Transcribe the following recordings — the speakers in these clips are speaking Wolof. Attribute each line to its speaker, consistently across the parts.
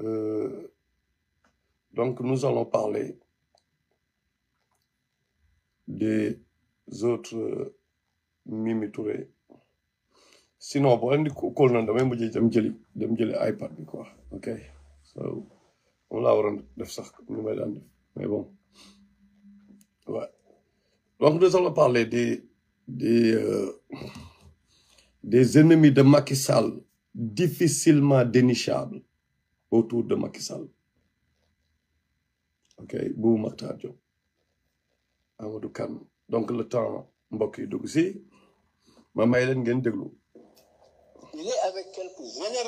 Speaker 1: Euh,
Speaker 2: donc, nous allons parler des autres euh, Mimi Touré. Sinon, on va di kóol noonu dem jëli de jëli iPad quoi ok so on l'a waroon def sax ni mais bon ouais. donc nous allons parler des des euh, des ennemis de Macky Sall difficilement dénichables autour de Macky Sall ok Bou Makhtar Amadou Kan. donc le temps Mboki yi ma may il est
Speaker 1: avec quelques même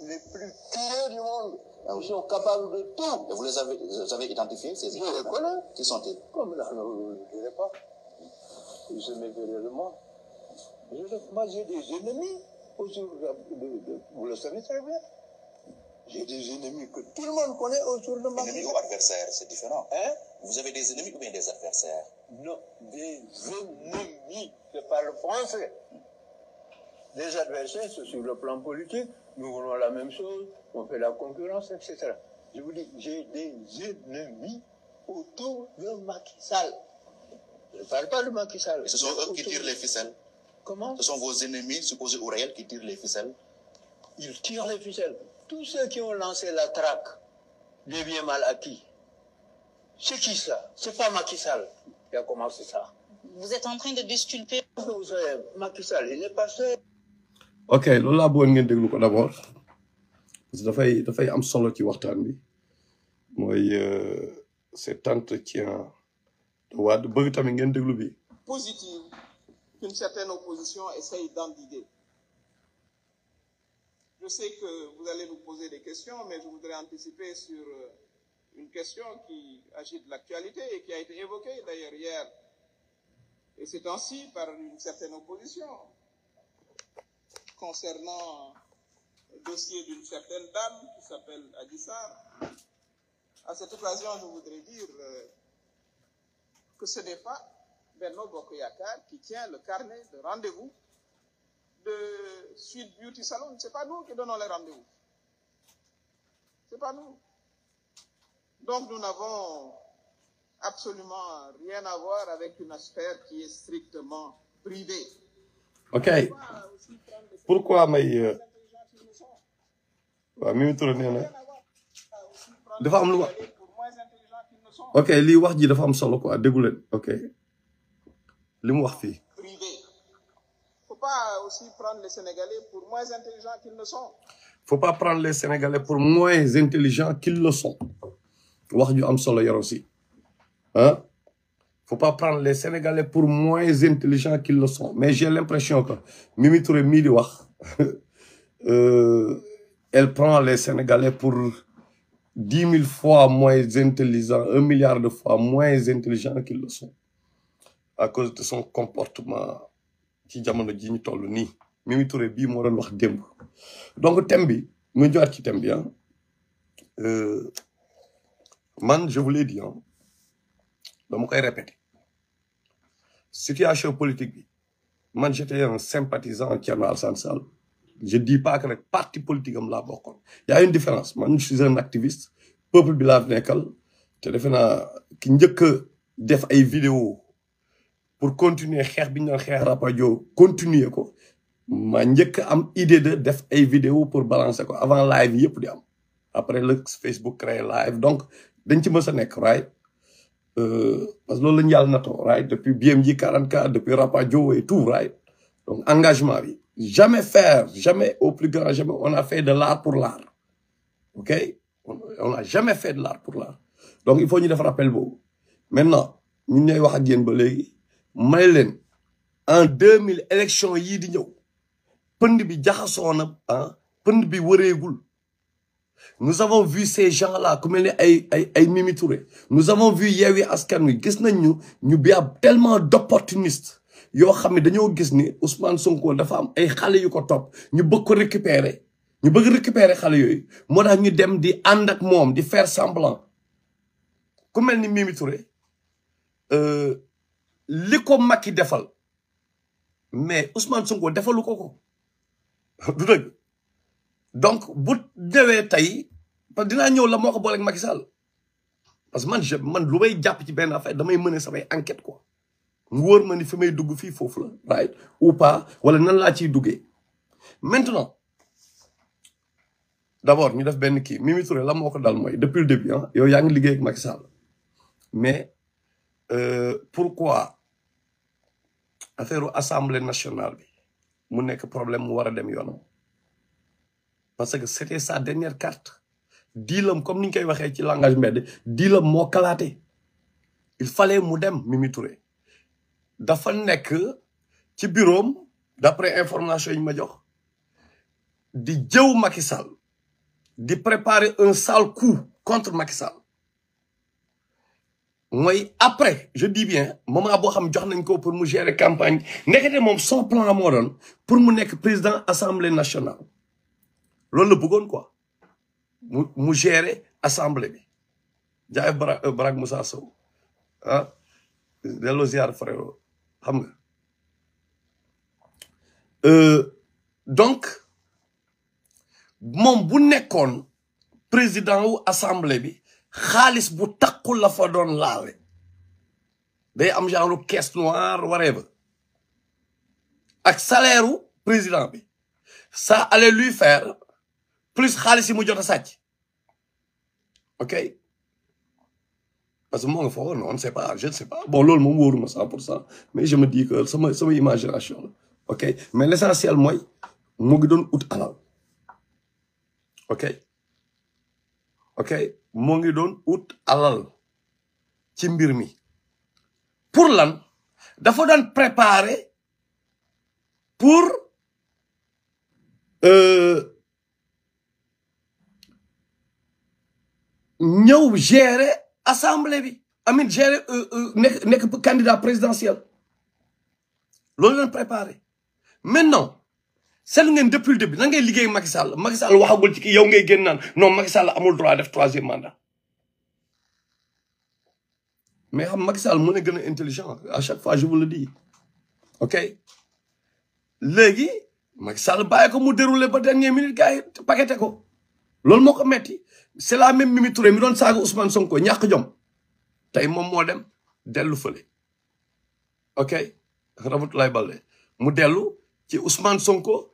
Speaker 1: les plus tirés du monde. Ils sont capables de tout. vous les avez, vous avez identifiés, ces écoles Je les Qui sont-ils Comme là, euh, je ne dirais pas. Ils se méfient de moi. moi, j'ai des ennemis. Vous le savez très bien. J'ai des ennemis que tout le monde connaît autour de moi. Ennemis ou adversaires, c'est différent. Hein? Vous avez des ennemis ou bien des adversaires Non, des ennemis, Je parle français. Des adversaires, c'est sur le plan politique, nous voulons la même chose, on fait la concurrence, etc. Je vous dis, j'ai des ennemis autour de Macky Sall. Je ne parle pas de Macky Sall. ce sont eux qui tirent les ficelles. Comment Ce sont vos ennemis supposés ou réels qui tirent les ficelles. Ils tirent les ficelles tous ceux qui ont lancé la traque devient mal acquis. C'est qui ça C'est pas Macky Sall qui a commencé ça. Vous êtes en train de disculper. Vous savez, Macky Sall, il est passé.
Speaker 2: ok Lola laa de d'abord. d'abord. ko parce que dafay dafay am solo ci waxtaan bi mooy euh, c'est tante entretien, de Tu as un de de bi.
Speaker 3: positive qu'une certaine opposition essaye d'endiguer. Je sais que vous allez nous poser des questions, mais je voudrais anticiper sur euh, une question qui agit de l'actualité et qui a été évoquée d'ailleurs hier et c'est ainsi par une certaine opposition concernant le dossier d'une certaine dame qui s'appelle Adissar. À cette occasion, je voudrais dire euh, que ce n'est pas Bernard Bokoyakar qui tient le carnet de rendez-vous de suite Beauty Salon, ce n'est pas nous qui donnons les rendez-vous. Ce n'est pas nous. Donc nous n'avons absolument rien à voir avec une affaire qui est strictement privée.
Speaker 2: OK. Pourquoi, mais... va euh, Mimi Touré nee devant dafa am ok li wax ji dafa am solo quoi déggu ok li mu wax
Speaker 3: pas aussi prendre les Sénégalais pour moins intelligents qu'ils ne sont.
Speaker 2: faut pas prendre les Sénégalais pour moins intelligents qu'ils le sont. Il ne hein? faut pas prendre les Sénégalais pour moins intelligents qu'ils le sont mais j'ai l'impression que Mimi Touré euh, elle prend les Sénégalais pour 10 000 fois moins intelligents un milliard de fois moins intelligents qu'ils le sont à cause de son comportement ci jamono ji ñu ni mi mi Touré bi mo doon wax démb donc thème bi mu jowaat ci thème bi hein euh man je voulais dire dit ah dama koy répéter situation politique bi man j'étais un sympathisant Thierno Alassane Sall je dis pas que rek parti politique am la laa il y a une différence man je suis un activiste peuple bi la fi nekkal te defe naa ki njëkk def ay vidéos pour continuer xex bi ñu xex continuer ko ma pas am idée de faire ay vidéo pour balancer ko avant live yëpp di am après le Facebook créé live donc dañ ci mësa nek nekk euh parce que loolu lañu que nato right depuis BMJ 44 depuis rapajo et tout right donc engagement bi jamais faire jamais au plus grand jamais on a fait de l'art pour l'art ok on n'a jamais fait de l'art pour l'art donc il faut ñu def rappel bo maintenant ñun ñay wax ak yéen ba Maïlen, en 2000, élection ah, nous avons vu ces gens là comme ils ay nous avons vu Askan nous avons tellement d'opportunistes Yo, xam dañu gis ni Ousmane Sonko dafa am ay yu ko récupérer ñu bëgg récupérer xalé yoy ñu faire semblant ku li ko Macky defal mais Ousmane Sonko defalu ko ko du dëgg donc bu dewe tay parce dina ñew la moko ko booleeg Macky Sall parce que man je man lu may jàpp ci ben affaire damay mën sa samay enquête quoi mu ma ni fi dugg fi fofu la right ou pas wala nan la ci duggé maintenant d'abord ñu def benn kii Mimi Touré la moo ko dal mooy depuis le début ah yow yaa ngi liggéey ak Macky Sall mais euh, pourquoi affaire l'assemblée nationale bi mu nek problème de war dem parce que c'était sa dernière carte diilam comme ni ñu koy waxee ci langage mbedd je mo calaté il fallait mu dem Mimi Touré que, nek ci bureau d'après information yi ma jox di jëw Macky Sall di préparer un sale coup contre Macky mooy après je dis bien moment boo xam jox nañ ko pour mu gérer campagne ndekete mom son plan mo don pour mu nek président assemblée nationale lolou le bëggone quoi mu gérer assemblée bi jaay euh, bara Moussa Sow ah delloo ziar frère. xam nga euh, donc mom bu nekkoon président ou assemblée bi xaalis bu taqul la fa don lawé day am genre caisse noire whatever ak salaire président bi ça allait lui faire plus khalis mu jot a ok parce que moi, je on ne sait pas je ne sais pas bon loolu je ne 100%, pas 100%. mais je me dis que c'est ma, ma imagination ok mais l'essentiel c'est mu ngi doon ut alal ok ok mon ngi out alal ci mbir pour lan dafa daan préparer pour ñeu gérer assemblée bi amine gérer euh, euh, nek candidats candidat présidentiel loolu daan préparer maintenant sel ngeen depuis le début la ngay liggéey Macky Sall Macky Sall waxagul ci yow ngay genn nan non Macky Sall amul droit def 3e mandat mais xam Macky Sall mo ne gëna intelligent à chaque fois je vous le dis ok légui Macky Sall baye ko mu déroulé ba dernière minute gaay yi paqueté ko lool moko metti c'est la même Mimi Touré mi don saga Ousmane Sonko ñak jom tay mom mo dem delu feulé ok lay balé mu delu ci Ousmane Sonko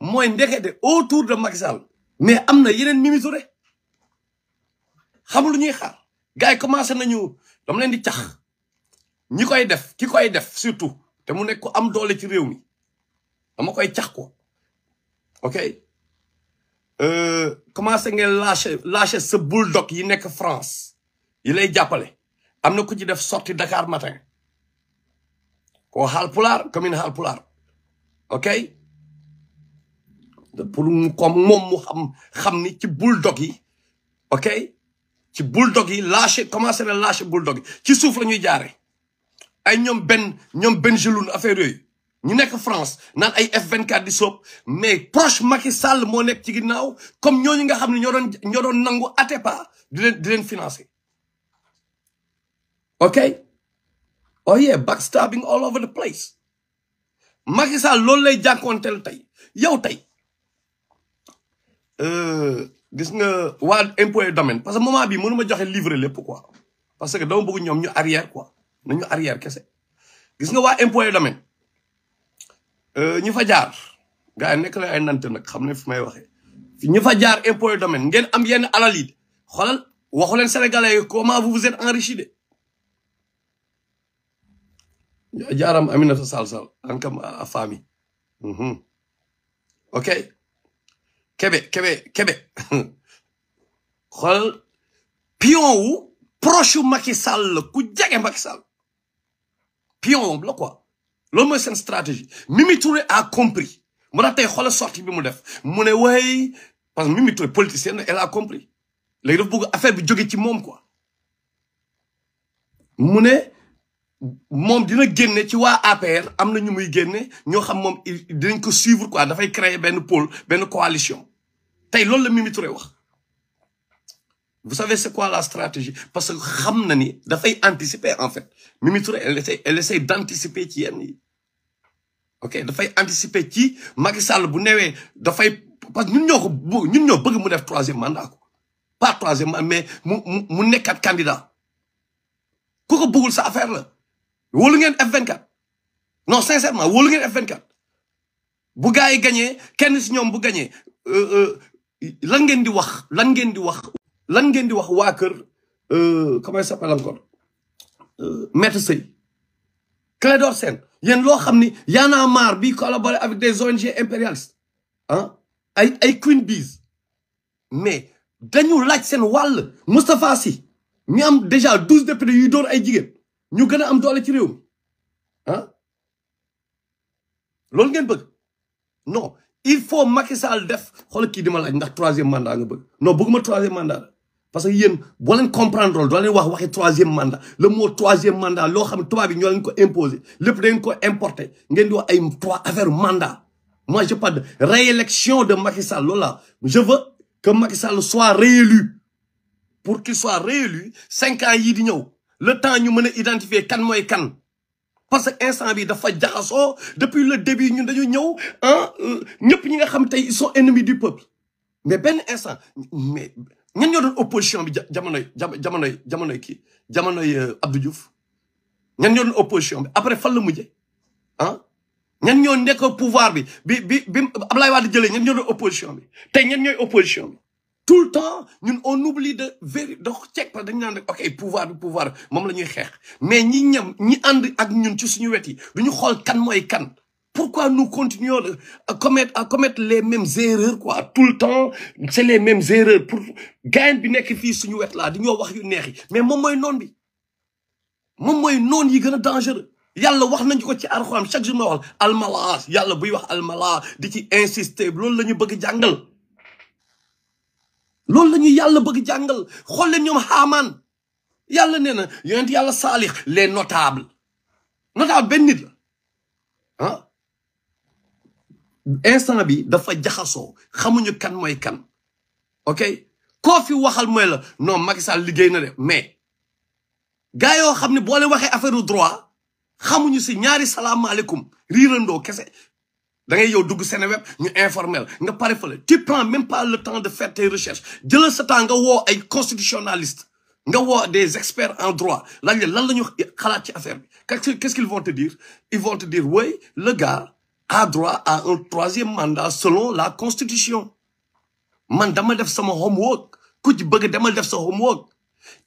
Speaker 2: mooy ndekete autour de Macky Sall am na yeneen Mimi Touré xam lu ñuy xaar gars yi commencé nañu dama leen di cax ñi koy def ki koy def surtout te mu nekk ku am doole ci réew mi dama koy cax ko ok euh, commencé ngeen lâché lâché sa bulldog yi nekk France yi lay jàppale am na ku ci def sorti Dakar matin koo xaal pulaar commune xaal pulaar ok pour mu comme moom mu xam xam ni ci bulldog yi ok ci bulldog yi lâché commencé na lâché bulldog yi ci suuf la ñuy jaare ay ñoom benn ñoom benn jeloun affaire yooyu ñu nekk France naan ay F24 di soob mais proche Macky Sall moo nekk ci ginnaaw comme ñooñu nga xam ne ñoo doon ñoo doon nangu Atepa di di leen financé ok oh yeah backstabbing all over the place Macky Sall loolu lay jànkoonteel tey yow tey Euh, gis nga waa impôt domaine parce que moment bi mënu ma joxe livrer lépp quoi parce que dama bëgg ñoom ñu arrière quoi ñu arrière kese gis nga waa impôt et domaine euh, ñu fa jaar gars yi nekk na ay nante nag xam ne fi may waxee ñu fa jaar impôt et domaine ngeen am yenn alal yi xoolal waxu leen sénégalais yi comment vous vous êtes enrichi de jaaram Aminata Sall Sall a famille mhm. ok Québec, Québec, Québec. pion ou proche Macky Sall Macky pion quoi L'homme est une stratégie Mimi a compris Je tax tey sortie def mon parce que Mimi Touré politicienne elle a compris Les gens bëgg affaire bi jóge ci moom quoi il ne dina Tu ci wa APR amna ñu muy xam suivre quoi créer ben pôle coalition c'est ce que je Touré wax vous savez c'est quoi la stratégie parce que xam il faut anticiper en fait Mimitouré, elle essaie elle essaie d'anticiper qui est. Ok, ok anticiper qui. Macky Sall bu newee dafay parce que nous ñoo ko ñun ñoo troisième mandat pas troisième mandat mais mu mu quatre candidats. candidat vous ko bëggul sa affaire Vous avez F24 non sincèrement vous voulez F24 bu vous yi gagné kenn si bu gagné euh, euh, lan ngeen di wax lan ngeen di wax lan ngeen di wax euh, comment il s'appelle encore euh, maître Seye Clédor Sène yéen loo Y'en a marre bi collaborer avec des ONG impérialistes Hein? ay ay Queen Bees mais dañu laaj sen wall mustapha si am déjà 12 députés yu door ay jigen ñu gëna am doole ci réew hein lol ngeen non il faut Macky Sall def xool ki dima ma laaj ndax 3e mandat nga bëgg non bëgguma 3e mandat parce que yeen bo leen comprendre loolu doo leen wax waxi 3e mandat le mot 3e mandat lo xam ne bi ñoo leen ko imposé lépp dañ ko importer ngeen di wax ay 3 affaire mandat moi je pas de réélection de Macky Sall loolu je veux que Macky Sall soit réélu pour qu'il soit réélu 5 ans yi di ñew le temps ñu mëna identifier kan moy kan parce que instant bi dafa depuis le début ñun dañu ñëw hein, ñëpp ñi nga xam ils sont ennemis du peuple mais ben instant mais ñan ñoo doon opposition bi jamonoy jamonoy jamonoy kii jamonoy euh, Abdou Diouf ñan ñoo doon opposition bi après fan la hein, ah ñan ñoo nekk pouvoir bi bi bi bi Abdoulaye Wade jëlee ñan ñoo doon opposition bi tey opposition tout le temps ñun on oublie de vérifier. dox check parce dañ nan ok pouvoir bi pouvoir mom la xex mais ñi ñam ñi and ak ñun ci suñu wet duñu xol kan moy kan pourquoi nous continuons à commettre à commettre les mêmes erreurs quoi tout le temps c'est les mêmes erreurs pour gain, bi nek fi suñu wet la diñu wax yu neexi mais mom moy non, bi mom moy non yi gëna a dangereux yalla wax nañ ko ci Alxuraan chaque jour ma wax almalaas yàlla buy wax almalaas di ci insister loolu lañu bëgg jàngal loolu la ñuy yàlla bëgg jàngal xool leen ñoom xaamaan yàlla nee na yonent yàlla saalix les notables notable benn nit la ah? instant bi dafa jaxasoo xamuñu kan mooy kan ok koo fi waxal mooy la non Macky Sall liggéey na de mais gars yoo xam ne boo leen waxee affaire droit xamuñu si ñaari salaamaaleykum riirandoo kese da ngay yow dugg web, ñu informel nga pare fële tu prends même pas le temps de faire tes recherches jëlal sa temps nga woo ay constitutionnaliste nga woo des experts en droit là, leen lan la ñu ci affaire bi qu'est-ce qu'ils vont te dire ils vont te dire oui le gars a droit à un troisième mandat selon la constitution man dama def sama homework ku ci bëgg dama def sa homework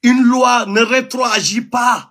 Speaker 2: une loi ne rétroagit pas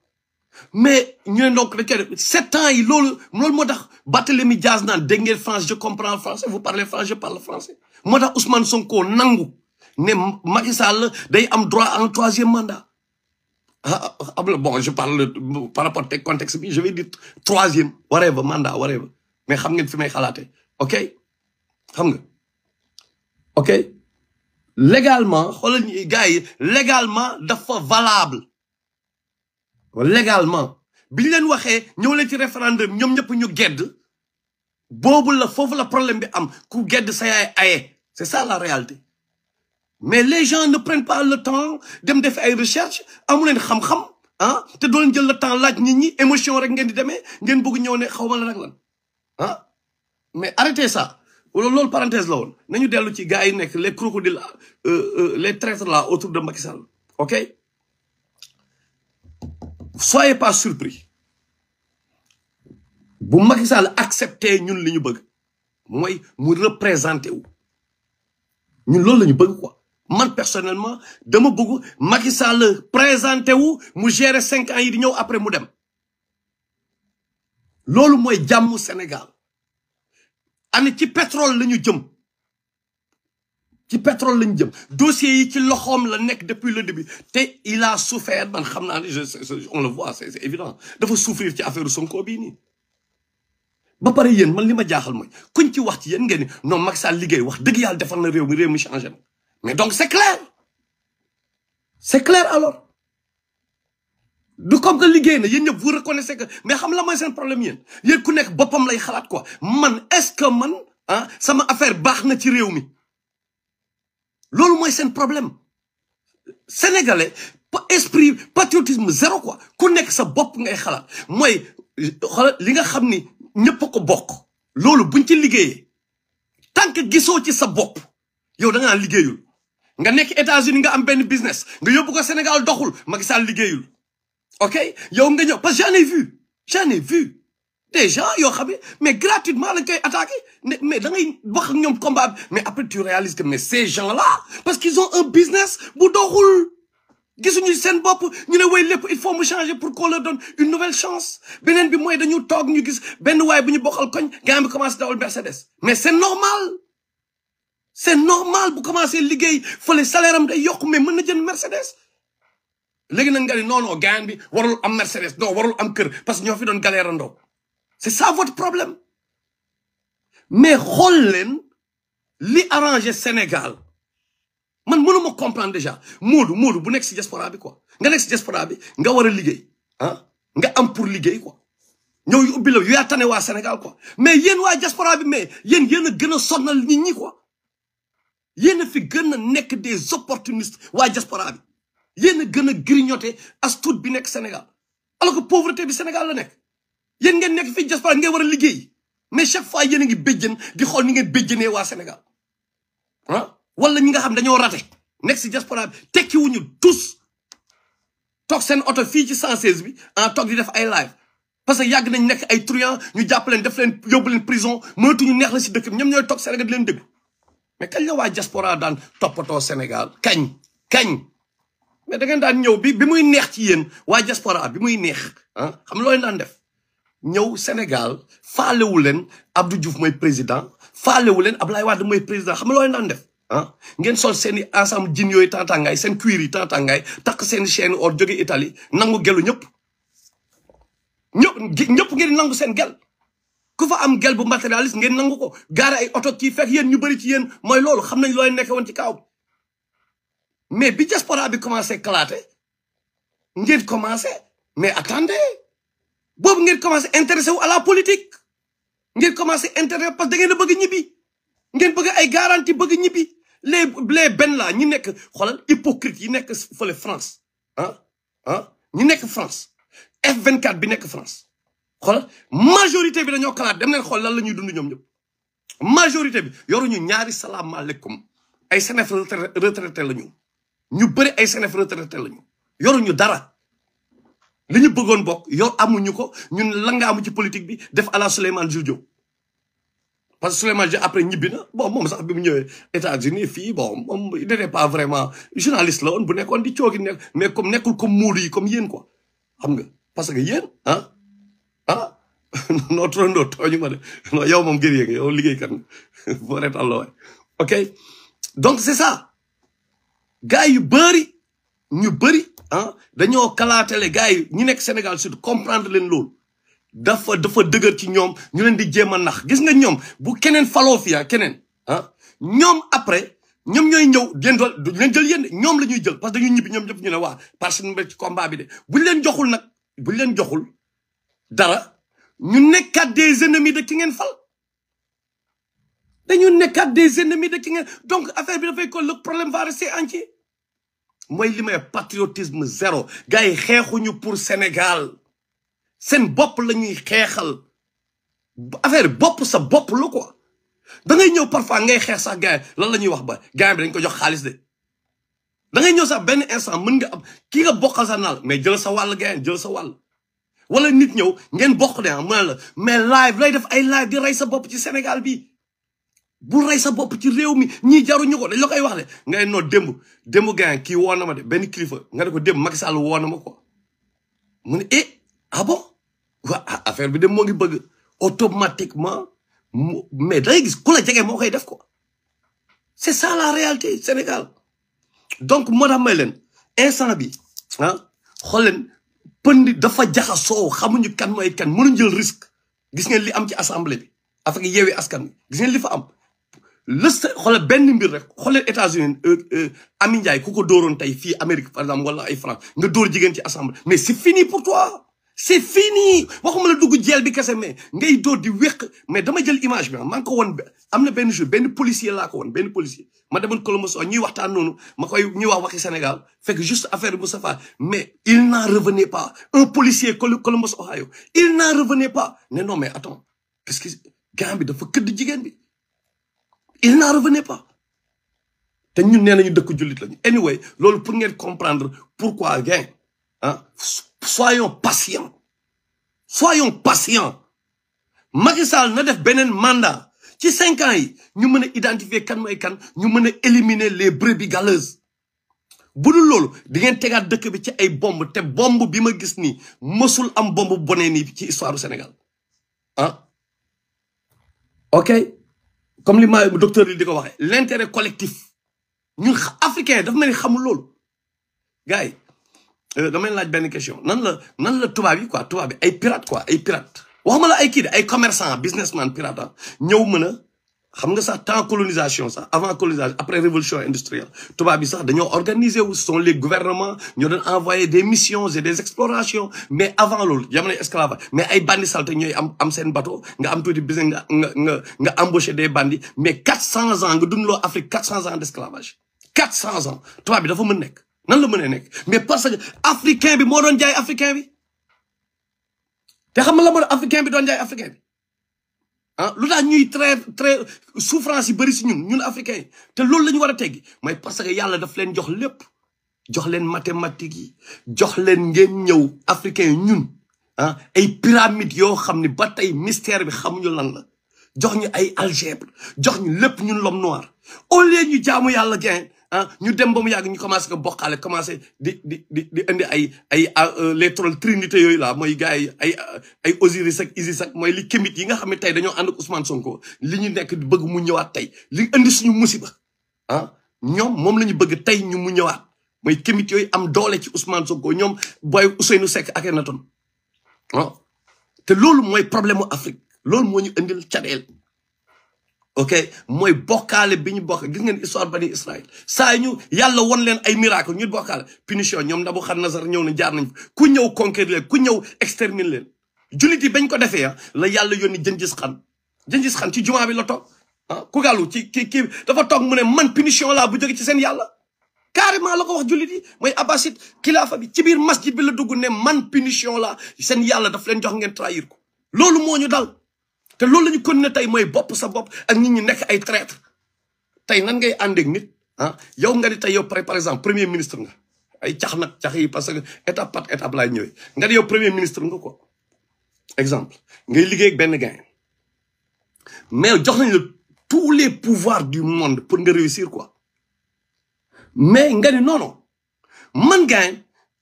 Speaker 2: mais ñu donc le sept ans il lol loolu moo tax mi jazz nan de ngeen France je comprends français vous parlez français je parle français moo Ousmane Sonko nangu ne Macky Sall day am droit en troisième mandat ah, ah, ah bon je parle par rapport au contexte je vais dire troisième whatever mandat whatever mais xam ngeen fi may xalaté ok xam nga ok légalement xoolal gars légalement dafa valable légalement bi ñu leen ci référendum ñu la la problème am ku c'est ça la réalité mais les gens ne prennent pas le temps me faire ay recherche amu ah, te le temps laaj ñi émotion rek di bëgg ah. mais arrêtez ça wala lool parenthèse la won nañu ci les crocodiles euh, euh, traîtres là autour de Macky ok soyez pas surpris bu Macky Sall accepter ñun li ñu bëgg mooy mu représenté wu ñun loolu la ñu bëgg quoi man personnellement dama bëgg Macky Sall présenté wu mu gérer 5 ans yi di ñëw après mu dem loolu mooy jàmm Sénégal ane ci pétrole la ñu jëm ci pétrole lañ jëm dossier yi ci loxom la nek depuis le début té il a souffert man xamna on le voit c'est évident dafa souffrir ci affaire Sonko bi ni ba paré yéen man lima ma jaaxal mooy kuñ ci wax ci yéen ngeen non Macky Sall liguey wax deug Yalla defar na réew mi réew mi changé mais donc c'est clair c'est clair alors. du comme que liguey na yéen ñëpp vous reconnaissez que mais xam la moy sen problème yéen yéen ku nek bopam lay xalat quoi man est-ce que man ah sama affaire baxna ci réew mi moi c'est un problème sénégalais esprit patriotisme zéro quoi ku nek sa bop ngay xalat moy li nga xamni ni ko bok loolu buñ ci liggéey tant que gisso ci sa bop, yow da nga liggéeyul nga États-Unis nga am ben business nga yo ko Sénégal doxul Macky Sall liggéeyul ok yow nga ñëw parce que j'en ai vu j'en ai vu des gens yo xamé mais gratuitement la kay attaquer mais da ngay wax ñom combat mais après tu réalises que mais ces gens là parce qu'ils ont un business bu doxul gisuñu sen bop ñu ne way lepp il faut me changer pour qu'on leur donne une nouvelle chance benen bi moy dañu tok ñu gis benn way buñu ñu koñ gars bi commence dawal Mercedes mais c'est normal c'est normal bu commencé liguey fële salaire am day yokk mais mën na Mercedes légui nak nga non non gars bi warul am Mercedes non warul am kër parce que ñoo fi galère ndo c'est ça votre problème mais xool leen li arrangé Sénégal man mënu ma comprendre déjà Moodu Moodu bu nekk si diaspora bi quoi nga nekk si diaspora bi nga war a liggéey ah nga am pour liggéey quoi ñëw yu ubbi la yu yaa tane waa Sénégal quoi mais yéen waa diaspora bi mais yéen yéen a gën a sonnal nit ñi quoi yéen a fi gën a nekk des opportunistes waa diaspora bi yéen a gën a grignoter as tuut bi nekk Sénégal alors que pauvreté bi Sénégal la nekk. yéen ngeen nekk fii diaspora ngeen war a mais chaque fois yéen ngi béjjën di xool ni ngeen Sénégal ah? wala ñi nga xam dañoo raté nekk si diaspora tekki wuñu tous toog seen oto fii ci 116 bi ah toog di def ay live parce que yàgg nañ nekk ay truand ñu jàpp def prison mënatuñu neex la si dëkk bi ñoom ñooy Sénégal di leen dégg mais kañ la waa diaspora Sénégal kañ kañ. mais da ngeen daan ñëw bi bi muy neex ci yéen waa diaspora bi muy neex ah, xam def. ñëw Sénégal faalewu leen Abdou Diouf mooy président faalewu leen Abdoulaye Wade mooy président xam nga looy daan def ah ngeen sol seen i ensemble jin yooyu tàntangaay seen cuir yi tàntangaay takk seen chaîne or jóge itali nangu gelu ñëpp ñëpp ngeen nangu seen gel ku fa am gel bu matérialiste ngeen nangu ko gaare ay oto kii fekk yéen ñu bëri ci yéen mooy loolu xam nañ looy nekke woon ci kaw mais bi diaspora bi commencé kalaate ngeen commencé mais attendez boobu ngeen commencé intéressé wu à la politique ngeen commencé intéressé parce que da ngeen a bëgg ñibbi ngeen bëgg ay garantie bëgg ñibbi les les benn la ñi nekk xoolal hypocrite yi nekk fële France ah ah ñi nekk France F24 bi nekk France xoolal majorité bi dañoo kalaat dem leen xool lan la ñuy dund ñoom ñëpp majorité bi yoruñu ñaari salaamaaleykum ay SNF retraité la ñu ñu bëri ay SNF retraité la ñu yoruñu dara li ñu bëggoon bokk yow amuñu ko ñun la nga amu ci politique bi def à la Souleymane Jules parce que Souleymane Jules après ñibbi na bon moom sax bi mu ñëwee États-Unis fii bon moom il n'était pas vraiment journaliste la woon bu nekkoon di coogi nekk mais comme nekkul comme Moodu yi comme yéen ko xam nga parce que yéen ah ah noo trondoo tooñu ma de non yow moom gërëyee nga yow liggéey kan nga boo ok donc c'est ça gars yu bëri ñu bëri ah dañoo kalaatale gars yi ñu nekk Sénégal sud comprendre leen loolu dafa dafa dëgër ci ñoom ñu leen di jéem a nax gis nga ñoom bu keneen faloo fi ah keneen ah, ñoom après ñoom ñooy ñëw bien dool duñ leen jël yéen ñoom la ñuy jël parce que ñu ñibbi ñoom ñëpp ñu ne waa parce que ci combat bi de buñ leen joxul nag buñ leen joxul dara ñu nekkaat des ennemis de ki ngeen fal dañu nekkaat des ennemis de ki ngeen donc affaire bi dafay ko le problème va rester entier mooy li may patriotisme zéro gars yi xeexuñu pour Sénégal seen bopp la ñuy xeexal affaire bopp sa bopp la quoi da ñëw parfois ngay xeex sax gars yi la ñuy wax ba gars bi dañ ko jox xaalis de da ñëw sax benn instant mën nga am ki nga bokkal sa naal mais jël sa wàll gars jël sa wàll wala nit ñëw ngeen bokk de ah mu ne la mais live lay def ay live di rey sa bopp ci Sénégal bi bu rey sa bopp ci réew mi ñii jaruñu ko dañ la koy wax le nga ne non démb démb gan kii woo na ma de benn kilifa nga ne ko démb Macky Sall woo na ko mu ne eh ah bon ah, affaire bi dem moo ngi bëgg automatiquement mais dangay gis ku la jege moo koy def ko c'est ça la réalité Sénégal donc ma tax may leen instant bi ah xool leen pëndi dafa jaxasoo xamuñu kan mooy kan munu jël risque gis ngeen li am ci assemblée bi affaire yeewi askan bi gis ngeen li fa am lësta xoolal benn mbir rek xoolal États-Unis euh, euh, Ami Ndiaye kuko doron tay fi amerique Amérique par exemple wala ay France nga dor jigen ci assemblée mais c'est fini pour toi c'est fini waxuma la dugg djel bi kese mais ngay dor di wex mais dama djel image bi ah ko won amna ben jour policier la ko won ben policier ma demoon Colomoso ñuy waxtaan noonu ma koy ñuy wax waxi Sénégal fek juste affaire Moustapha mais il n'en revenait pas un policier Columbus Ohio il n'en revenait pas non mais attends qu'est-ce que gambi bi dafa keud jigen bi il n'en revenait pas te ñun nee dëkk jullit lañu anyway loolu pour ngeen comprendre pourquoi gain ah soyons patients soyons patients Macky Sall na def beneen mandat ci cinq ans yi ñu mën a identifier kan mooy kan ñu éliminer les brebis galeuses bu lolu di ngeen tégaat dëkk bi ci ay bomb té bomb bi ma gis ni mësul am bomb bonee ni ci histoire du Sénégal ah ok comme le ma docteur li di collectif Nous africains dafa mel xamul loolu euh euh dama question nan la quoi yi ay pirate quoi ay pirate waxuma la ay kid ay businessman pirate ah, xam nga sax temps colonisation sax avant colonisation après révolution industrielle sax organiser sont les gouvernements ñu envoyé des missions et des explorations mais avant il y mais ay bandi salte ñoy am am sen bateau nga am nga nga nga des bandits mais 400 ans nga dundaloo Afrique 400 ans d'esclavage. 400 ans Tout dafa mën nek nan la mais parce que africain bi mo doon jay africain bi té xam la africain ah lu tax ñuy très très souffrance yi bëri si ñun ñun africain te loolu la ñu war a teggi mooy parce que yàlla daf leen jox lépp jox leen mathématiques yi jox leen ngeen ñëw africain ñun ah ay pyramides yoo xam ni ba tey mystère bi xamuñu lan la jox ñu ay algèbre jox ñu lépp ñun l'homme noir au lieu ñu jaamu yàlla gain ah ñu dem ba mu yàgg ñu commencé ko bokkaale commencé di di di di indi ay ay ah, euh, les trolls trinité yooyu la mooy gars yi ay ay Osiris ak Isis ak mooy li kémit yi nga xam ne tey dañoo ànd ak Sonko li ñu nekk bëgg mu ñëwaat tey li indi suñu musiba ah ñoom moom la ñu bëgg tey ñu mu ñëwaat mooy kémit yooyu am doole ci Ousmane Sonko ñoom booy Ousseynou Seck ak Akhenaton ah te loolu mooy problème mu Afrique loolu moo ñu indil cadeel ok mooy bokkaale bi ñu bokk gis ngeen histoire bani Israël saa ñu yàlla won leen ay miracle ñu bokkaale punition ñoom ndabu xar nasar ñëw na jaar nañ ku ñëw conquérir leen ku ñëw exterminer leen jullit yi bañ ko defee ah la yàlla yónni Gengis Khan Gengis xan ci jumaa bi la toog ah ku gàllu ci ki kii dafa toog mu ne man punition la bu jóge ci seen yàlla carrément la ko wax jullit yi mooy abbasid kilaafa bi ci biir masjid bi la dugg ne man punition laa seen yàlla daf leen jox ngeen trahir ko loolu moo ñu dal te loolu lañu ñu continuer tey mooy bopp sa bopp ak nit ñi nekk ay traître tey nan ngay àndeeg nit ah yow nga ni tey yow par exemple premier ministre nga ay cax nag cax yi parce que étape par étape laay ñëwee nga ni yow premier ministre nga ko exemple ngay liggéey ak benn gain mais jox nañ la tous les pouvoirs du monde pour nga réussir quoi mais nga ni non non man gain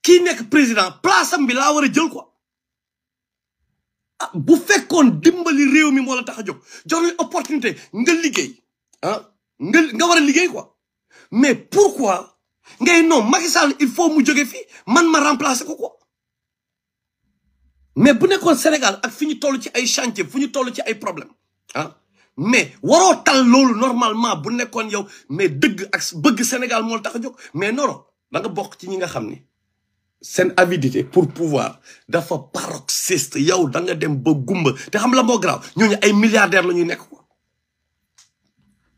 Speaker 2: kii nekk président place am bi laa war a jël quoi ah, bu fekkone dimbali réew mi moo la tax jox opportunité nga liggéey ah nga nga wara a liggéey quoi mais pourquoi ngay non Macky Sall il faut mu jóge fi, man ma remplacer ko quoi mais bu nekkone Sénégal ak fiñu tollu ci ay chantier fu tollu ci ay problème ah mais waro tal loolu normalement bu nekkone yow mais deug ak bëgg Sénégal mo la tax mais non non da nga bok ci ñi nga xam sen avidité pour pouvoir dafa paroxyste yow da nga dem ba gumba te xam la moo garaaw ñu ay milliardaires la ñu nek quoi.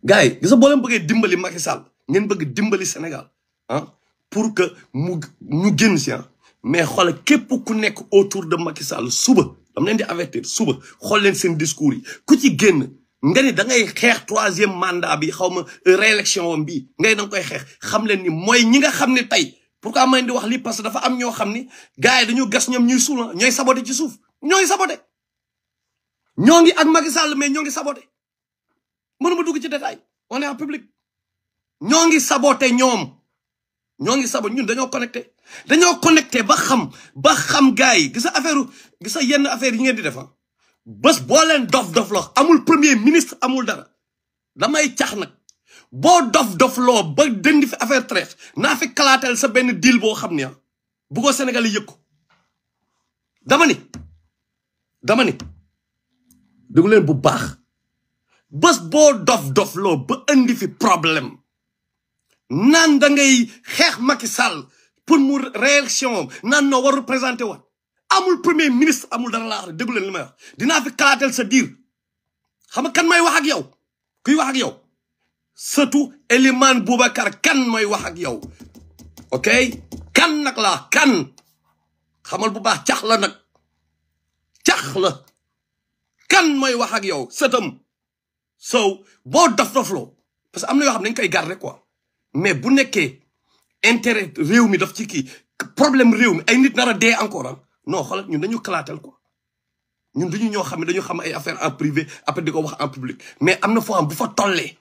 Speaker 2: gars yi gis boo leen bëggee dimbali Macky Sall ngeen bëgg dimbali Sénégal hein pour que mu ñu ci hein ah. mais xol képp ku nek autour de Macky Sall suba dama leen di avertir suba xol leen sen discours yi ku ci génn nga ni da ngay xeex troisième mandat bi xawma euh, réélection wam bii ngay da koy xeex xam leen ni moy ñi nga xam ni tay pourquoi may di wax li parce que dafa am ño xamni gaay dañu gas ñoom ñuy sul ñoy saboter ci souf ñoy saboter ñongi ak Macky Sall mais ñongi saboter mënuma dugg ci détail on est en public ñongi saboter ñom ñongi saboter ñun dañu connecter dañu connecter ba xam ba xam gaay yi gisa affaire gisa yenn affaire yi ngeen di defa ah. bés bo leen dof dof lo amul premier ministre amul dara damay tiax nak boo dof dof loo ba dënd fi affaire traite naa fi kalaatel sa benn deal boo xam ne ah bu ko Sénégal yëg ko dama ni dama leen bu baax bés boo dof dof loo ba indi fi problème naan da ngay xeex Macky Sall pour mu réaction naan noo war représenté wa amul premier ministre amul dara laa wax déglu leen li may kalaatel sa diir xam nga kan may wax ak yow kuy wax ak yow. sëtu Eliman Boubacar kan mooy wax ak yow ok kan nag laa kan xamal bu baax cax la nag cax la kan mooy wax ak yow sëtam sow boo dof dofloo parce que am na yoo xam ne dañ koy garder quoi mais bu nekkee intérêt réew mi daf ci kii problème réew mi ay nit nar a dee encore am ah. non xoolal ñun dañu kalaatel ko ñun dañu ñoo xam ne dañu xam ay affaire en privé après di ko wax en public mais am na foo xam bu fa tollee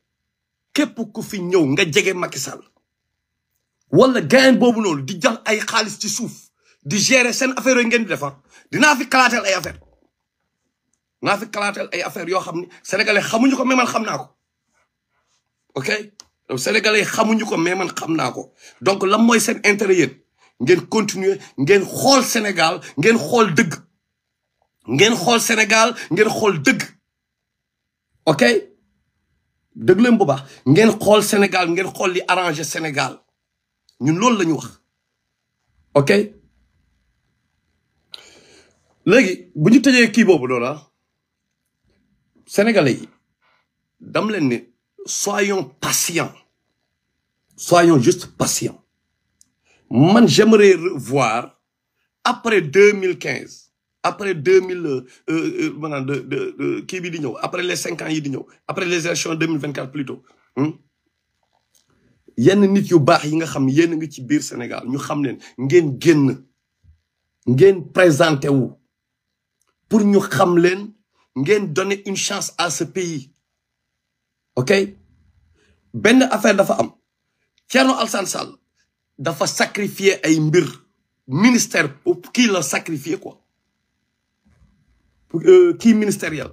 Speaker 2: képp ku fi ñëw nga jege Macky Sall wala gain boobu noonu di jal ay xaalis ci suuf di gérer seen affaire yooyu ngeen di defar dinaa fi kalaateel ay affaire naa fi kalaateel ay affaire yoo xam ne sénégalais xamuñu ko mais man xam naa ko ok donc sénégalais xamuñu ko mais man xam naa ko donc lan mooy seen intérêt yéen ngeen continuer ngeen xool Sénégal ngeen xool dëgg ngeen xool Sénégal ngeen xool dëgg ok Je bu ba ngeen Senegal, ngeen xol li arranger ñun wax ok si vous ki bobu sénégalais soyons patients soyons juste patients man j'aimerais voir, après 2015, après deux mille euh, euh, euh, maanaam de de qui bi di après les cinq ans yi di après les élections deux mille vingt quatre plutôt hmm? yenn nit yu bax yi nga xam yéen a ci biir Sénégal ñu xam leen ngeen génn ngeen présenté wu pour ñu xam leen ngeen donner une chance à ce pays ok benn affaire dafa am Thierno Alsan Sall dafa sacrifier ay mbir ministère qui la sacrifier quoi est euh, ministériel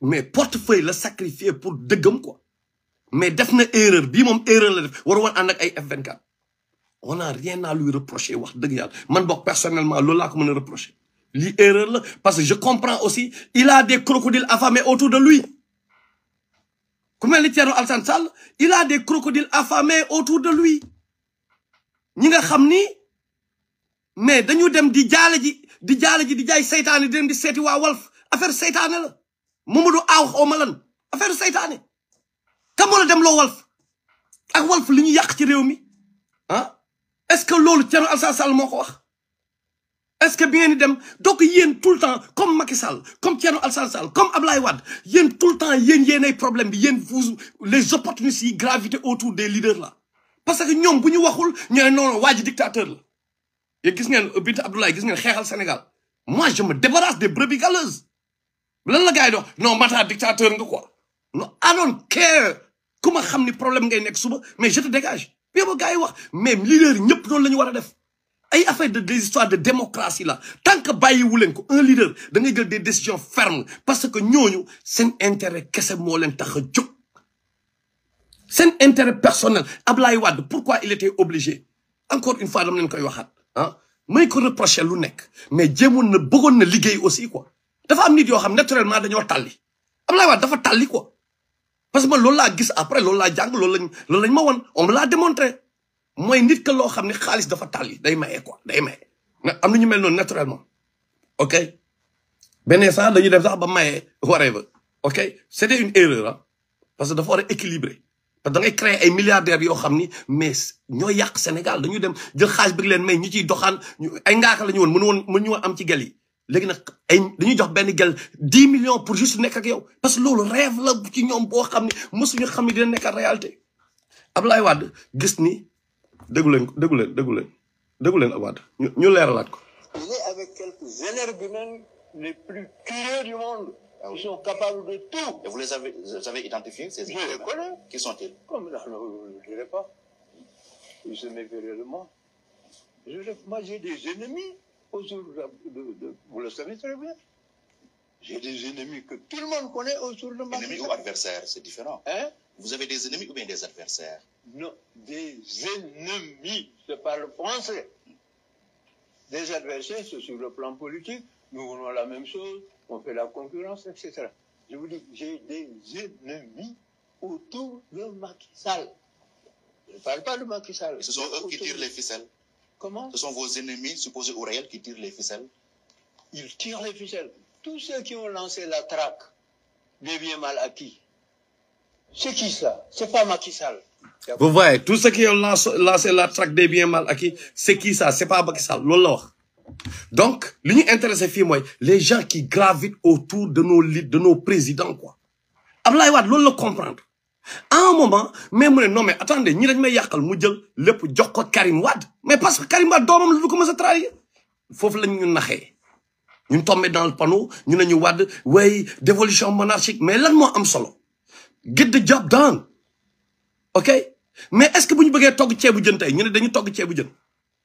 Speaker 2: mais portefeuille le sacrifié pour gomme quoi mais définitivement, erreur bii erreur la def on a rien à lui reprocher wax de man personnellement lola, laa le reproche. reprocher L'erreur, parce que je comprends aussi il a des crocodiles affamés autour de lui Comment le ni Al-Sansal, il a des crocodiles affamés autour de lui ñi nga mais dañu dem di jaale ji di ji di jaay seytaane di dem di seeti waa Walf affaire seytaane la Mamadou Aw xaw ma lan affaire seytaane kan moo la dem loo Walf ak Walf li ñu yàq ci réew mi ah est-ce que loolu Thierno Alassane Sall moo ko wax est-ce que bi ngeen di dem donc yéen tout le temps comme Macky Sall comme Thierno Alassane Sall comme Ablaye Wade yéen tout le temps yéen yéenay problème bi yéen vous les opportunistes yi gravité autour des leaders là parce que ñoom bu ñu waxul ñu ne non non waa ji dictateur la yéen gis ngeen Binta Abdoulaye gis ngeen xeexal Sénégal moi je me débarrasse des brebis galeuses lan la que yi non je dictateur nga quoi non I don't care ku ma problème ngay nekk suba mais je te dégage yow gars wax mais leader ñëpp noonu la ñu def ay affaire de des histoires de démocratie là. tant que ne leen ko un leader da ngay des décisions fermes parce que c'est un intérêt kese moo leen tax C'est un intérêt personnel Ablaye Wad, pourquoi il était obligé encore une fois je leen koy waxaat ah may ko reproché lu nek mais jéemoon na bëggoon na liggéey aussi quoi dafa am nit yo xam naturellement dañoo tàlli Ablaye Wade dafa tali quoi parce que man la gis après loolu la jang loolu lañ loolu lañ ma won on me l'a démontré moy nit ke lo xamni ne dafa tali day maye quoi day maye am na ñu mel non naturellement ok bene sa dañu def sax ba maye waree ba ok c'était une erreur hein, parce que dafa war équilibré da ngay créer ay milliardaires mais Sénégal dañu dem jël de bi leen may ñu nous ay lañu won mënu won millions pour juste parce que rêve la ci ne dina réalité Wad, gis ni leen
Speaker 1: avec quelques les plus curieux du monde. Ah Ils sont capables de tout. Et vous les avez, identifiés, ces Je les connais. Qui sont-ils Comme là, euh, je ne les pas. Ils se méfieraient de moi. Je, moi, j'ai des ennemis. vous le savez très bien. J'ai des ennemis que tout le monde connaît autour de moi. Ennemis ou adversaires, c'est différent. Hein vous avez des ennemis ou bien des adversaires Non, des ennemis, c'est pas le français. Des adversaires, c'est sur le plan politique. Nous voulons la même chose on fait la concurrence, etc. Je vous dis, j'ai des ennemis autour de Macky Sall. Je ne parle pas de Macky Sall. Ce sont eux qui tirent les ficelles. Comment Ce sont vos ennemis supposés au réel qui tirent les ficelles. Ils tirent les ficelles. Tous ceux qui ont lancé la traque des biens mal acquis. C'est qui ça C'est pas Macky Sall.
Speaker 2: Vous voyez, tous ceux qui ont lancé, la traque des biens mal acquis, c'est qui ça C'est pas Macky Sall. L'olor donc li ñu intéressé moi les gens qui gravitent autour de nos leaders de nos présidents quoi Abdoulaye Wad, loolu le comprendre à un moment même mu non mais attendez ni dañ may yàqal mu jël lépp jox ko Karim Wade mais parce que Karim Wade doomam le du ko mës faut trahir foofu lañ ñu Nous ñun dans le panneau ñu ne ñu Wade way dévolution monarchique mais lan je am solo get the job done ok mais est-ce que bu ñu bëggee togg Nous jën tey ñu ne dañu togg ceebu jën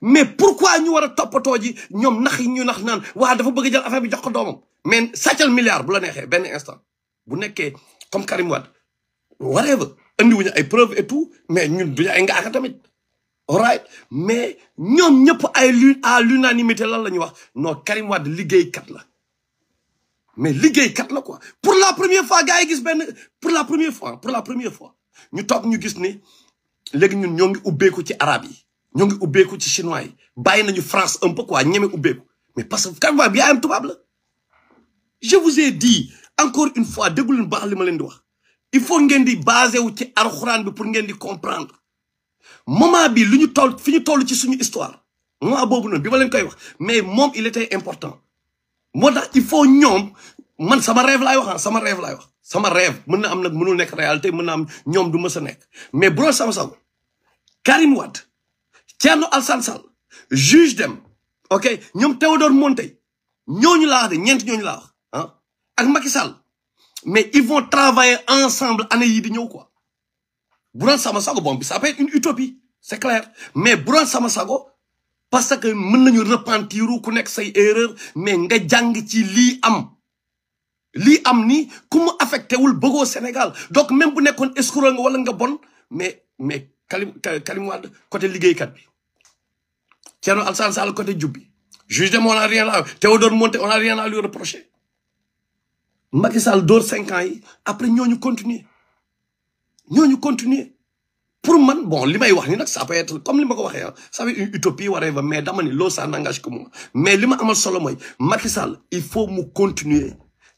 Speaker 2: mais pourquoi ñu wara topato ji ñom nax ñu nax nan wa dafa bëgg jël affaire bi jox ko doomam mais sàccal milliard bu la nexé ben instant bu nekké comme Karim Wade whatever andiwuñu ay preuve et tout mais ñun duñu ay ngaaka tamit alright mais ñom ñëpp ay lu à l'unanimité lan lañ wax non Karim wad Wade kat la mais kat la quoi pour la première fois gaay gis ben pour la première fois pour la première fois ñu top ñu gis ni légui ñun ñongi ngi ubbeeku ci arab yi nous sommes ci chinois yi France un peu quoi mais parce que quand va bien am je vous ai dit encore une fois li ma leen di wax il faut ngeen di vous wu ci alcorane bi pour ngeen di comprendre moment bi une toll fiñu toll ci suñu histoire leen koy wax mais mom il était important moo il faut ñom man sama rêve lay wax ah, sama rêve lay wax sama rêve mën na am nak mënul nek réalité mën na am ñom du mësa une mais bro sama Karim Wade Tiano Al-Sansal, juge dem ok nous, Théodore Monte nous sommes là, nous sommes ñooñu laa wax ah mais ils vont travailler ensemble à l'année di quoi bu Samasago, bon ça peut être une utopie c'est clair mais bu Samasago, parce que nous nañu repentir ku connaître say erreurs, mais nga jàng ci li am li am ni ku mu affecté wul au Sénégal donc même bu nekkoon escroc nga wala nga bon mais mais Karim Karim côté ligue liggéeykat bi Thierno Alassane Sall côté jub bi juge dem on a rien à Théodore Monté on a rien à lui reprocher Macky Sall dort cinq ans yi après ñooñu continuer ñooñu continuer pour man bon li wax ni ça peut être comme li ma ah, ça fait une utopie whatever mais dama ni lo ça n'engage que moi mais li ma amal solo Macky Sall il faut mu continuer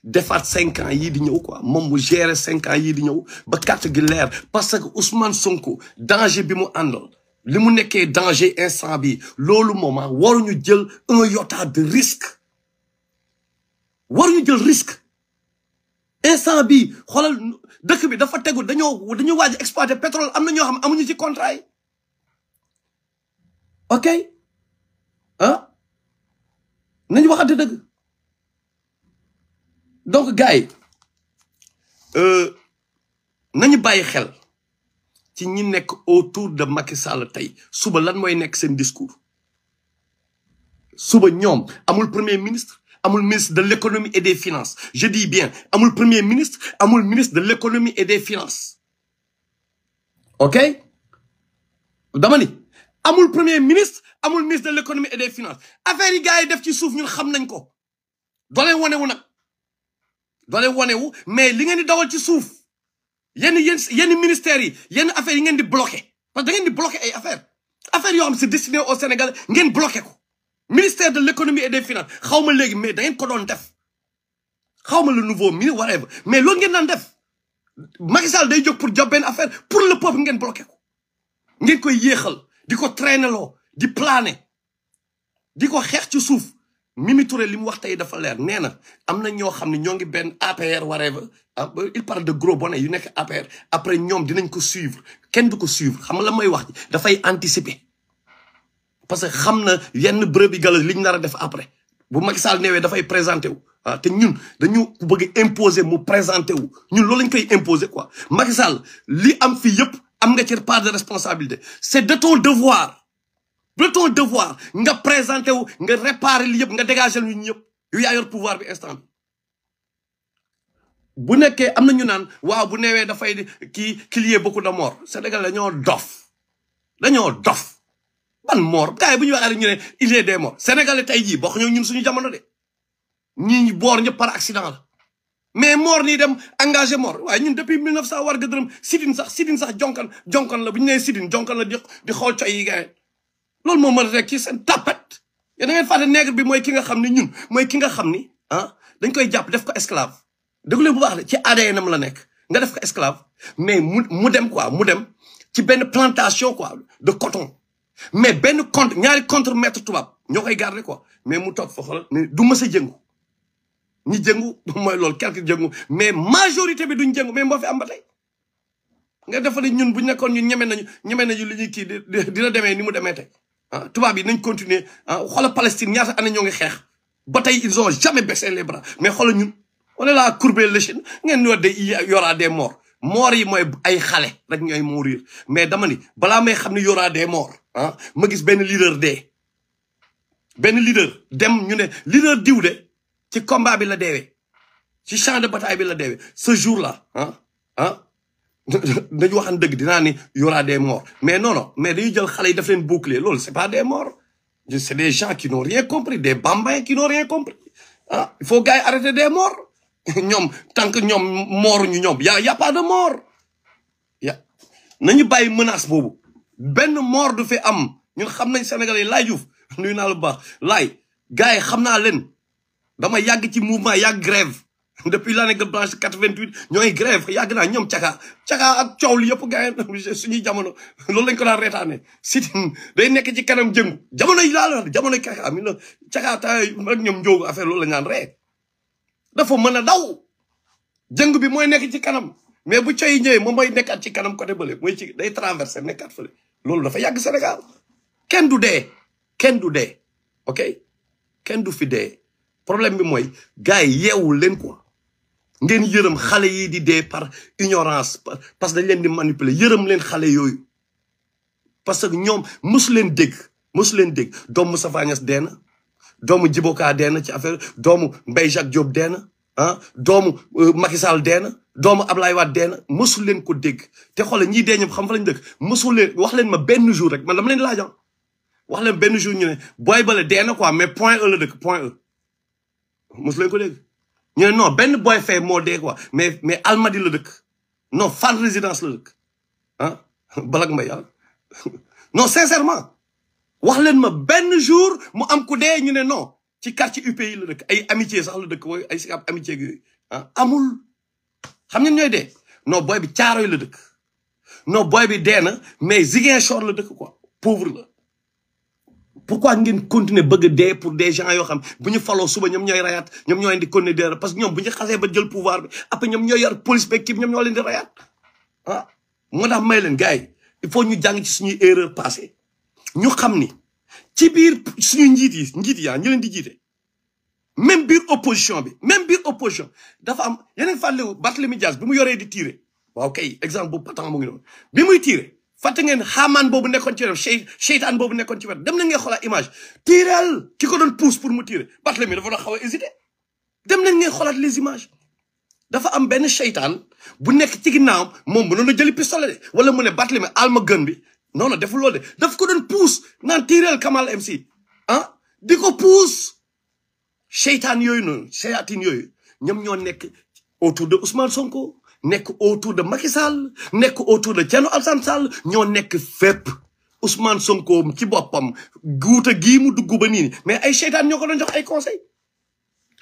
Speaker 2: defaat 5 ans yi di ñëw quoi mom mu gérer 5 ans yi di ñëw ba carte gi leer parce que Ousmane Sonko danger bi mu àndoon li mu danger instant bi lolu moment ñu jël un yota de risque ñu jël risque instant bi xolal dëkk bi dafa téggu dañu dañu waji exploiter pétrole amna na ñoo xam amuñu ci contrat yi ok hein nañu waxante dëgg donc gars euh nañu bàyyi xel ci autour de ma Sall tey suba lan mooy discours. discours suba premier ministre amul ministre de l'économie et des finances je dis bien amul premier ministre amul ministre de l'économie et des finances ok dama ni amul premier ministre amul ministre de l'économie et des finances affaire yi gars yi def ci suuf ñun xam doole wane wu mais li ngeen di dawal ci suuf yenn yenn yenn ministères yi yenn affaires yi ngeen di bloqué parce que da ngeen di bloqué ay affaires affaires yoo xam c'est destiné au Sénégal ngeen bloqué ko ministère de l'économie et des finances xaw ma léegi mais da ngeen ko def xaw ma le nouveau mini whatever mais loolu ngeen daan def Macky Sall day jóg pour job affaire pour le peuple ngeen bloqué ko ngeen koy yéexal di ko traîner loo di planer di ko xeex ci suuf. Mimi Touré li mu wax tey dafa leer nee na am na ñoo xam ne ñoo ngi benn APR whatever ah, il parle de gros bonnet yu nekk APR après ñoom dinañ ko suivre kenn du ko suivre xam nga la may wax ji dafay anticiper parce que xam na yenn brebis galeuses liñ nar a def après bu Macky Sall dafay présenté wu ah te ñun dañu bëgg imposer mu présenté wu ñun loolu lañ koy imposer quoi Macky Sall li am fii yëpp am nga ci part de responsabilité c'est de ton devoir de ton devoir nga présenté wu nga réparé li yëpp nga dégagé lu ñëpp yu yaa yor pouvoir bi instant bu nekkee am na ñu naan waaw bu newee dafay kii qu'il y beaucoup de morts Sénégal dañoo dof dañoo dof ban mort gars yi bu ñu waxee rek ñu ne il y a des morts Sénégal tey jii bokk ñoo ñun suñu jamono de ñi boor ñëpp par accident mais mort ni dem engagé mort way ñun depuis 1900 war ga sidine sax sidine sax jonkan jonkan la bu ñu nee sidin jonkan la di di xool coy yi gars loolu moom mën rek ci seen tapet yéen da ngeen bi mooy ki nga xam ni ñun mooy ki nga xam ni ah dañ koy jàpp def ko esclave déglu bu baax de ci ADN am la nekk nga def ko esclave mais mu mu dem quoi mu dem ci benn plantation quoi de coton mais benn contre ñaari contre maître tubaab ñoo koy garder quoi mais mu toog fa xoolal du mës a jëngu ñi jëngu mooy loolu quelque jëngu mais majorité bi duñ jëngu mais moo fi am ba tey nga defa ne ñun buñ nekkoon ñun ñeme nañu ñeme nañu li ñuy kii dina demee ni mu demee tey ah tubaab yi nañ continuer ah xoolal Palestine ñaata année ñoo ngi xeex ba tey ils ont jamais baissé les bras mais xoolal ñun on est là à courber l'échine ngeen ñoo de y aura des morts morts yi mooy ay xale rek ñooy mourir mais damani ni balaa may xam ne y aura des morts ah, ma gis benn leader dee benn leader dem ñu ne leader diw de ci combat bi la deewee ci champ de bataille bi la deewee ce jour là ah, ah dañ waxan deug dina ni y aura des morts mais non non mais dañuy jël xalé daf leen boucler lol c'est pas des morts c'est des gens qui n'ont rien compris des bambins qui n'ont rien compris ah il faut gars arrêter des morts ñom tant que ñom mort ñoom y y a pas de mort ya nañu baye menace bobu benn mort du fi am ñun xam nañ Sénégalais lay Diouf nuyu na lu bax lay gars yi xam naa leen dama yag ci mouvement yag grève depuis l'année blanche 88 ñooy grève yàgg naa ñoom caka caka ak coow li yëpp gars yi suñuy jamono loolu lañ ko daan reetaane sitin day nekk ci kanam jëngu jamono yi laa la jamono yi caka mi na caka tay ak ñoom njóogu affaire loolu la ñaan ree dafa mën a daw jëng bi mooy nekk ci kanam mais bu cay ñëwee moom mooy nekkaat ci kanam côté bële mooy ci day traversé nekkaat fële loolu dafa yàgg Sénégal kenn du dee kenn du dee ok kenn du fi dee problème bi mooy gars yi yeewul leen quoi ngeen yërëm xale yi di dee par ignorance parce que dañ leen di manipuler yërëm leen xale yooyu parce que ñoom mosu leen dégg mosu leen dégg doomu Moustapha Niasse dee na doomu Djiboka dee na ci affaire doomu Mbaye Jacques Diop dee na ah doomu euh, Macky Sall dee na doomu Ablaye Wade dee na mosu leen ko dégg te xoole ñiy dee ñëpp xam fa lañ dëkk mosu leen wax leen ma benn jour rek man lam leen laajoon wax leen benn jour ñu ne booy bale dee na quoi mais point E la dëkk point E mosu leen ko dégg ñu non ben de fait quoi mais mais Almadi la non fan résidence hein? ah balak ma non sincèrement wax len ma ben jour mu am ñu non ci quartier UPI la amitié sax ay si amitié hein? amul xam ñoy non boy bi tiaroy je mais quoi pauvre pourquoi ngeen continuer bëgg dee pour des gens yoo xam bu ñu faloo suba ñoom ñooy rayaat ñoom ñoo leen di continuer dee parce que ñoom bu ñu xasee ba jël pouvoir bi après ñoom ñooy yar police beeg kii ñoom ñoo rayaat ah moo tax may leen gars yi il faut ñu jàng suñu suñuy erreur passé ñu xam ni ci biir suñu njiit yi njiit yaa ah ñu leen di jiite même biir opposition bi même biir opposition dafa am yeneen fàllewu Barthélemy Dias bi mu yoree di tiire waaw exemple bu patan mu ngi fàtte ngeen xaamaan boobu nekkoon ci wet seytaan boobu nekkoon ci wet dem na ngeen xoolaat image tiiral ki ko doon pousse pour mu tiire Barthélemy dafa dem na ngeen xoolaat les images dafa am benn seytaan bu nekk ci ginnaawam moom mënoon na jëli pistolet de wala mu ne Barthélemy alma gën bi non non deful loolu de daf ko doon pousse naan tiiral Kamal si ah di ko pousse seytaan yooyu noonu seyaatin yooyu ñoom ñoo nekk autour de Ousmane Sonko nekk autour de Macky Sall nekk autour de Thierno Alassane Sall ñoo nekk fepp Ousmane Sonko ci boppam guuta gii mu dugg ba nii mais ay seytaan ñoo ko doon jox ay conseil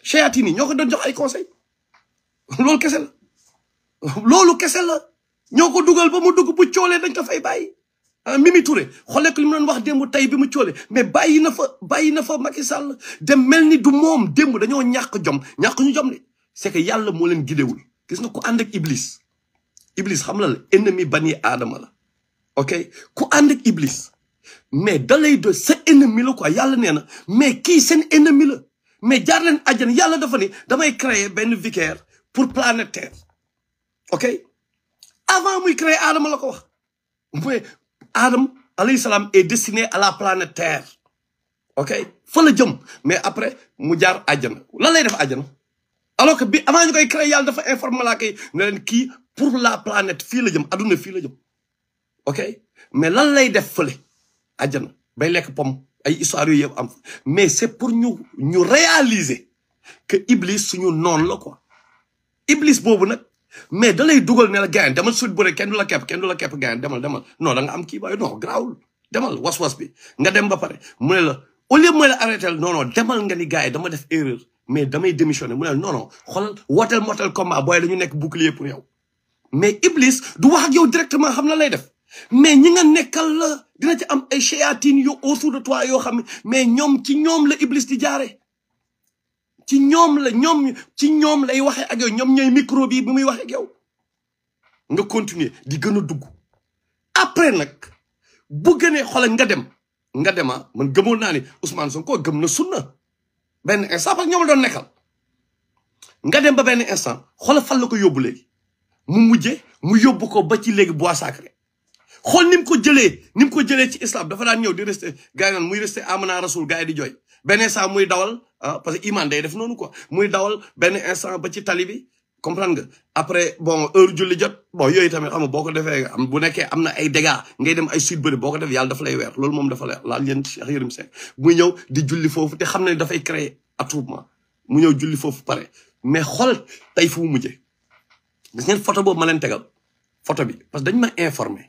Speaker 2: seytaane ñoo ko doon jox ay conseil loolu kese la loolu kese la ñoo ko dugal ba mu dugg bu coolee dañ ko fay bàyyi ah Mimi Touré xoolee ko li mu doon wax démb tey bi mu coolee mais bàyyi na fa bàyyi na fa Macky Sall dem mel ni du moom démb dañoo ñàkk jom ñàkk ñu jom de c'est yàlla moo leen gidewul gis nga ku ànd ak iblis iblis xam la la ennemi bani aadama la ok ku ànd ak iblis mais da lay sa ennemi la quoi yàlla nee na mais kii seen ennemi la mais jaar leen àjjana yàlla dafa ni damay créer benn vicaire pour planète terre ok avant muy créer aadama la ko wax mais aadam alayhi et est destiné à la planète terre ok fa la jëm mais après mu jaar àjjana lan lay def àjjana alors que avant ñu koy créer yàlla dafa informer la kay ne leen kii pour la planète fi la jëm aduna fi la jëm ok mais lan lay def fële àjjana bay lekk pom ay histoire yooyu yëpp am mais c'est pour ñu ñu réaliser que Iblis suñu non la quoi Iblis bobu nak mais da lay dugal ne la gayan demal suite bu rek ken dula kep ken dula kep la kepp gayan demal demal non da nga am ki bay non garaawul demal was-was bi nga dem ba pare mu ne la au lieu mooy la arrêter non non demal nga ni gars dama def erreur mais damay démissionné mu ne non non xoolal wooteel motel combat booy la ñu nekk bouclier pour yow. mais Iblis du wax ak yow directement xam na lay def mais ñi nga nekkal la dina ci am ay chéatine yu autour de toi yoo xam ne mais ñoom ci ñoom la Iblis di jaare ci ñoom la ñoom ci ñoom lay waxee ak yow ñoom ñooy micro bi muy waxee yow nga continuer di gën a dugg après nag bu gënee xoolal nga dem nga dema ah, man gëmoon naa ni Ousmane Sonko gëm na sunna benn instant parce que ñoom la doon nekkal nga dem ba benn instant xoolal fan la ko yóbbu léegi mu mujje mu yóbbu ko ba ci léegi bois sacré xool ni mu ko jëlee ni mu ko jëlee ci islam dafa daan ñëw di resté gars muy resté amana rasul gars yi di jooy benn instant muy dawal ah parce que iman day def noonu ko muy dawal benn instant ba ci tali bi comprendre nga après bon heure julli jot bon yooyu tamit xam nga boo ko defee am bu nekkee am na ay dégâts ngay dem ay suite bëri boo ko def yàlla dafa lay weer lool moom dafa lay laal yéen Cheikh Yérim Seck ñëw di julli foofu te xam ne dafay créer attroupement mu ñëw julli foofu pare mais xool tey fu mu mujjee photo boobu ma leen tegal foto bi parce que dañ ma informé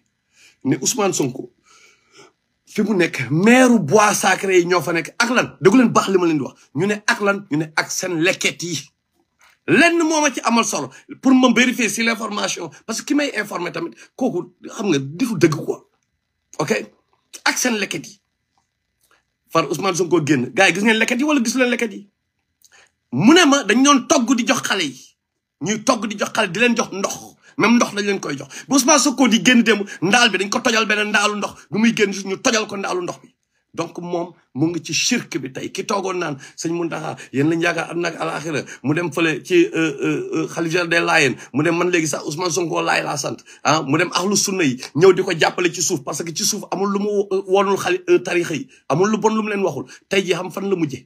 Speaker 2: ne Ousmane Sonko fi mu nekk maire bois sacré yi ñoo fa nekk ak lan déggu leen baax li ma leen di wax ñu ne ak lan ñu ne ak seen lekket yi lenn moom ma ci amal solo pour ma vérifier si l'information parce que ki may informer tamit kooku xam nga difu dëgg quoi ok ak seen lekket yi far Ousmane Sonko génn gars gis ngeen lekket yi wala gisu leen lekket yi mu ne ma dañ doon togg di jox xale yi ñuy togg di jox xale di leen jox ndox même ndox lañ leen koy jox bu Ousmane Sonko di génn dem ndaal bi dañ ko tojal beneen ndaalu ndox bu muy génn ñu tojal ko ndaalu ndox bi donc mom mo ngi ci shirk bi tay ki togon nan seigne muntaha yeen lañ yaga am nak al akhirah mu dem fele ci euh, euh, euh, khalifa des layen mu dem man legi sax ousmane sonko lay la sante ah mu dem ahlus sunna yi ñew diko jappale ci souf parce que ci souf amul lu mu wonul tarikh yi amul lu bon lu mu len waxul tay ji xam fan la mujjé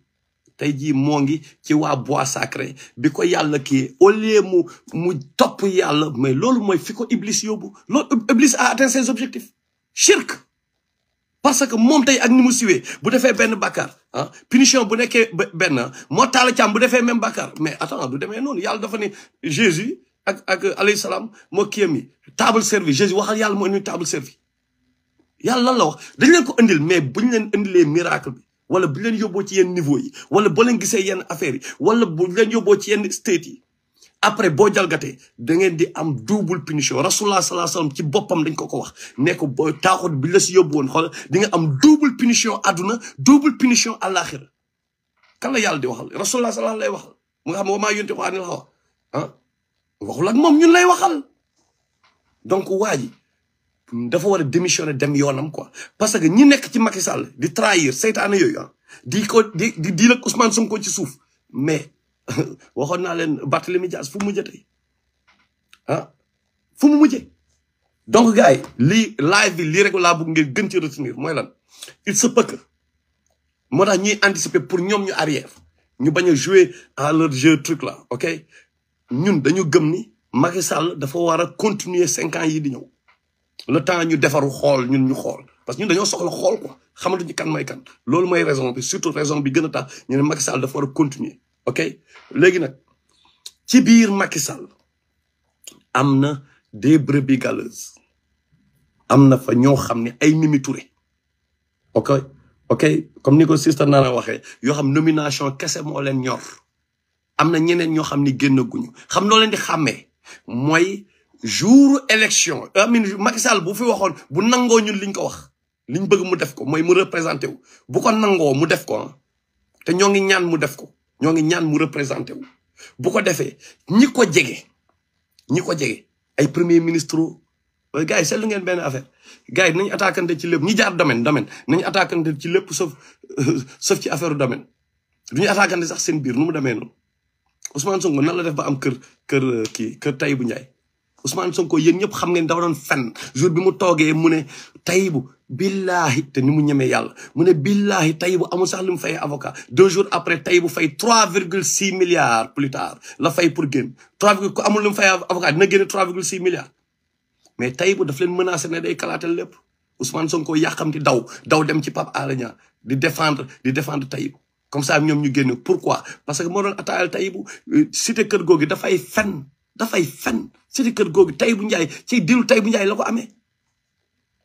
Speaker 2: tay ji mo ngi ci wa bois sacré biko yalla ki au lieu mu mu top yalla mais lolu moy fiko iblis yobu lolu iblis a atteint ses objectifs shirk parce que moom tey ak ni mu siwee bu defee benn bàkkaar ah punition bu nekkee benn ah, moo taala càmm bu defee même bàkkaar mais attends du demee noonu yàlla dafa ne Jésus ak ak alayhi salaam moo kiyam yi table servi Jésus waxal yàlla moo ñu table servi yàlla lan la wax dañ leen ko indil mais buñ leen indilee miracle bi wala bu leen yóbboo ci yenn niveau yi wala boo leen gisee yenn affaires yi wala bu leen yóbboo ci yenn state yi après bo jalgatee da ngeen di am double punition rasulullah salaa wasallam ci bopam dañ ko ko wax ne ko bo taaxut bi la ci yob won xol di nga am double punition aduna double punition àllaaxira kan la yalla di waxal rasulullah sallallahu lay waxal mo xam ma yonte quran la wax ah waxul ak mom ñun lay waxal donc waji dafa wara démissioner dem yonam quoi parce que ñi nekk ci Macky Sall di trahir setan yooyu ah, di ko di di lak Ousmane Sonko ci souf mais waxoon naa leen Barthélemy Dias fu mu mujjee tey ah, fu mu mujjee donc gars li lii live bi lii rek laa bëgg ngeen gën ci retenir mooy lan il se peut moo tax ñuy anticiper pour ñoom ñu arrière ñu bañ a jouer à leur jeu truc la ok ñun dañu gëm ni Macky Sall dafa war a continuer cinq ans yi di ñëw le temps ñu defaru xool ñun ñu xool parce que ñun dañoo soxla xool quoi xamatuñu kan mooy kan loolu mooy raison bi surtout raison bi gën a tax ñu ne Macky Sall dafa war a continuer ok léegi nag ci biir Macky Sall am na des brebis galeuses na fa ñoo xam ne ay Mimi Touré ok ok comme ni ko sister Nana waxee yoo xam nomination kese moo ñor am na ñeneen ñoo xam ni génnaguñu xam noo leen di xàmmee mooy jour élection amin Macky Sall bu fi waxoon bu nangoo ñu liñ ko wax liñ bëgg mu def ko mooy mu représenté wu bu nangoo mu def ko te ñoo ngi ñaan mu def ko ñoo ngi ñaan mu représenté wu bu ko defee ñi ko jege ñi ko jege ay premier ministre gars gars yi seetlu ngeen benn affaire gars yi nañu attaquante ci lépp ñi jaar domaine domaine nañ attaquante ci lépp sauf sauf ci affaire domaine du ñu attaquante sax seen biir nu mu demee noonu Ousmane Sonko nan la def ba am kër kër kii kër Taïbu Ndiaye Ousmane Sonko yéen ñëpp xam ngeen dafa doon fenn jour bi mu toogee mu ne Taïbu billahi te ni mu ñëmé yalla mu né billahi tey bu amul sax lu mu fay avocat deux jours après tey fay 3,6 milliards plus tard la fay pour génn 3 virgule ku amul lu mu fay avocat dina génn 3,6 milliards mais tey daf leen menacer né day kalaatel lepp Ousmane Sonko yàqamti daw daw dem ci Pape Alé di défendre di défendre Taïbu comme ça ñom ñu génn pourquoi parce que mo doon attaayal Taïbu euh, cité kër fay dafay da fay fen cité kër googu Taïbu Ndiaye ci diiru Taïbu Ndiaye la ko amee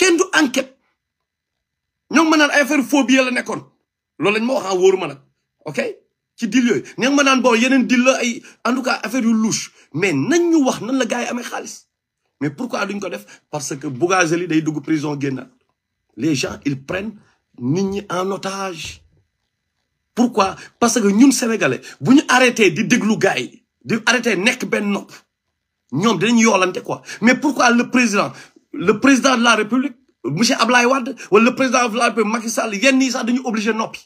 Speaker 2: kenn enquête ñom ngi ay affaire phobie la nekkoon loolu lañ ma wax ah wóoruma ok ci dil yooyu ñoo ngi ma naan boo yeneen dil la ay en tout cas affaire yu louche mais nañ ñu wax nan la gaay amé xaliss mais pourquoi duñ ko def parce que Bougazelli day dugg prison génnaat les gens ils prennent nit ñi en otage. pourquoi parce que ñun sénégalais buñu arrêté di déglu gaay di arrêté nekk benn nopp ñoom dinañ yolanté quoi mais pourquoi le président le président de la république monsieur Ablaye Wad, wala le président de la république Macky Sall yenn ça de dañu obligé noppi.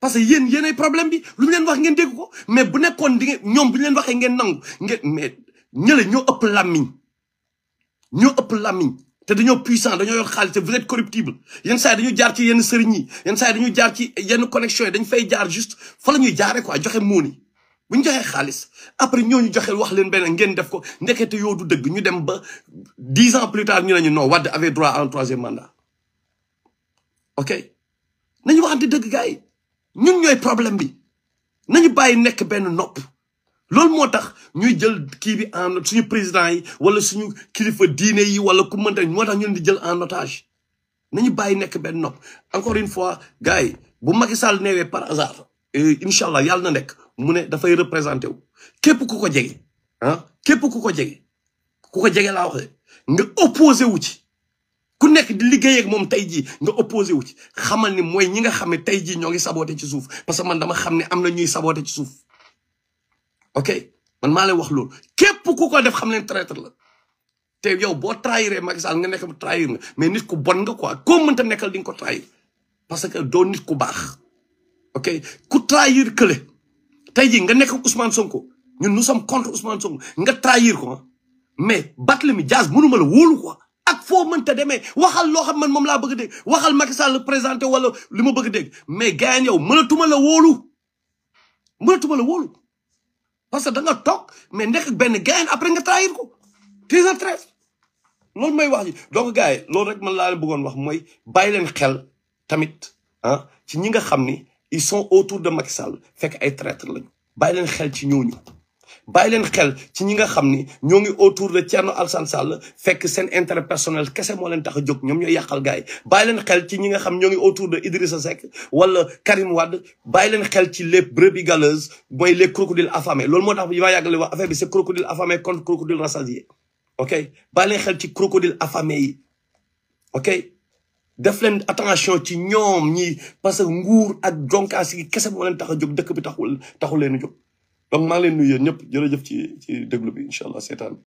Speaker 2: parce que yéen yéenay problème bi lu mu wax ngeen dégg ko mais bu nekkoon di ngeen ñoom bu ñu leen waxee ngeen nangu ngeen mais ñële ñoo upp làmmiñ ñoo upp làmmiñ té dañoo puissant dañoo yor xaalis vous êtes corruptible yenn say dañu jaar ci yenn sëriñ yi yenn saa dañu jaar ci yenn connexion dañ fay jaar juste fa lañu jaaré quoi joxe money. bu ñu joxee xaalis après ñooñu joxe wax leen beneen ngeen def ko ndekete yoo du dëgg ñu dem ba dix ans plus tard ñu ne ñu non Wade avait droit à un mandat ok nañu waxante dëgg gars yi ñun ñooy problème bi nañu bàyyi nekk benn nopp loolu moo tax ñuy jël kii bi en suñu président yi wala suñu kilifa diine yi wala ku mënta moo tax ñun di jël en otage nañu bàyyi nekk benn nopp encore une fois gars yi bu Macky Sall neewee par hasard euh, incha allah na nekk. mu ne dafay représenté wu képp ku ko jege ah képp ku ko jege ku ko jege laa waxee nga opposé wu ci ku nekk di liggéey ak moom tey jii nga opposé wu ci xamal ni mooy ñi nga xam ne tey jii ñoo ngi saboté ci suuf parce que man dama xam ne am na ñuy saboté ci suuf ok man maa lay wax lool képp ku ko def xam ne traître la te yow boo trahiré Macky Sall nga nekk trahir nga mais nit ku bon nga quoi koo mënta nekkal di nga ko trahir parce que doo nit ku baax ok ku trahir kële tey jii nga nekk ak Ousmane Sonko ñun nous sommes contre Ousmane nga trahir ko mais Barthélémy Dias mënuma la wóolu quoi ak foo te demee waxal loo xam man moom laa bëgg a waxal Macky Sall présenté wala li ma bëgg a dégg mais gars yow mënatuma la wóolu mënatuma la wóolu parce que da nga toog mais nekk benn gars après nga trahir ko très à très loolu may wax ji donc gars yi loolu rek man laa leen bëggoon wax mooy bàyyi leen xel tamit ah ci ñi nga xam ni. ils sont autour de Macky Sall fek ay traître lañ bàyyi leen xel ci ñooñu bàyyi leen xel ci ñi nga xamni ni ñoo ngi autour de Thierno Alsan Sall fek sen intérêt personnel kese moo leen tax jog ñom ñoy yakal gaay gars leen xel ci ñi nga xam ñoo ngi autour de Idrissa Seck wala Karim Wade bàyyi leen xel ci les brebis galeuses mooy les crocodiles affamés loolu moo tax yi maa yàggale wa affaire bi c'est crocodile affamé contre crocodile rassasié ok bàyyi leen xel ci crocodile affamé yi ok def leen attention ci ñoom ñi parce que nguur ak jonkasi yi kese moo leen tax a jóg bi taxul taxul leen jog donc ma ngi leen nuyu yéen ñëpp jërëjëf ci ci deglu bi inshallah setan